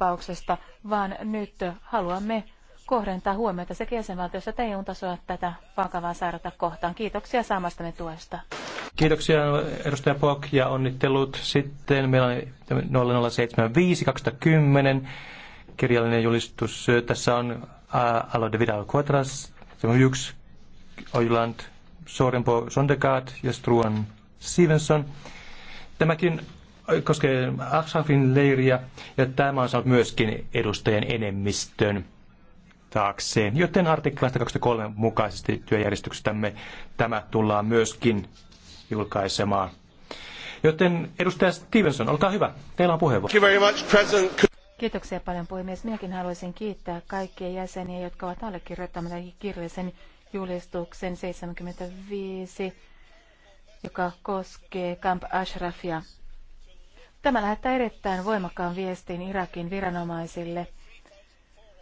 tapauksesta, vaan nyt haluamme kohdentaa huomiota sekä jäsenvaltiossa että EUn tasolla tätä vakavaa sairautta kohtaan. Kiitoksia saamastamme tuesta. Kiitoksia edustaja Pok ja onnittelut. Sitten meillä on 0075 2010 kirjallinen julistus. Tässä on äh, Alo de Vidal Quadras, yksi Oiland, Sorenpo Sondegaard ja Struan Stevenson. Tämäkin koskee Ashrafin leiriä, ja tämä on saanut myöskin edustajien enemmistön taakseen. Joten artiklaista 23 mukaisesti työjärjestyksestämme tämä tullaan myöskin julkaisemaan. Joten edustaja Stevenson, olkaa hyvä. Teillä on puheenvuoro. Kiitoksia paljon puhemies. Minäkin haluaisin kiittää kaikkia jäseniä, jotka ovat allekirjoittaneet kirjallisen julistuksen 75, joka koskee Camp Ashrafia. Tämä lähettää erittäin voimakkaan viestin Irakin viranomaisille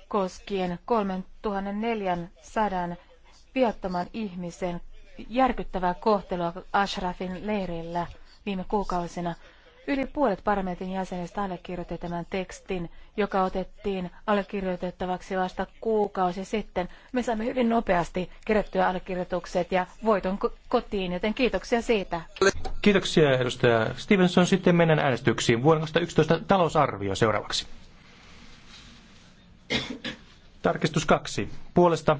koskien 3400 viattoman ihmisen järkyttävää kohtelua Ashrafin leirillä viime kuukausina. Yli puolet parlamentin jäsenistä allekirjoitti tämän tekstin, joka otettiin allekirjoitettavaksi vasta kuukausi sitten. Me saimme hyvin nopeasti kerättyä allekirjoitukset ja voiton kotiin, joten kiitoksia siitä. Kiitoksia edustaja Stevenson. Sitten mennään äänestyksiin. Vuoden 2011 talousarvio seuraavaksi. Tarkistus kaksi. Puolesta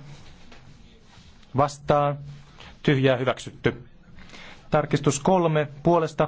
vastaan tyhjää hyväksytty. Tarkistus kolme puolesta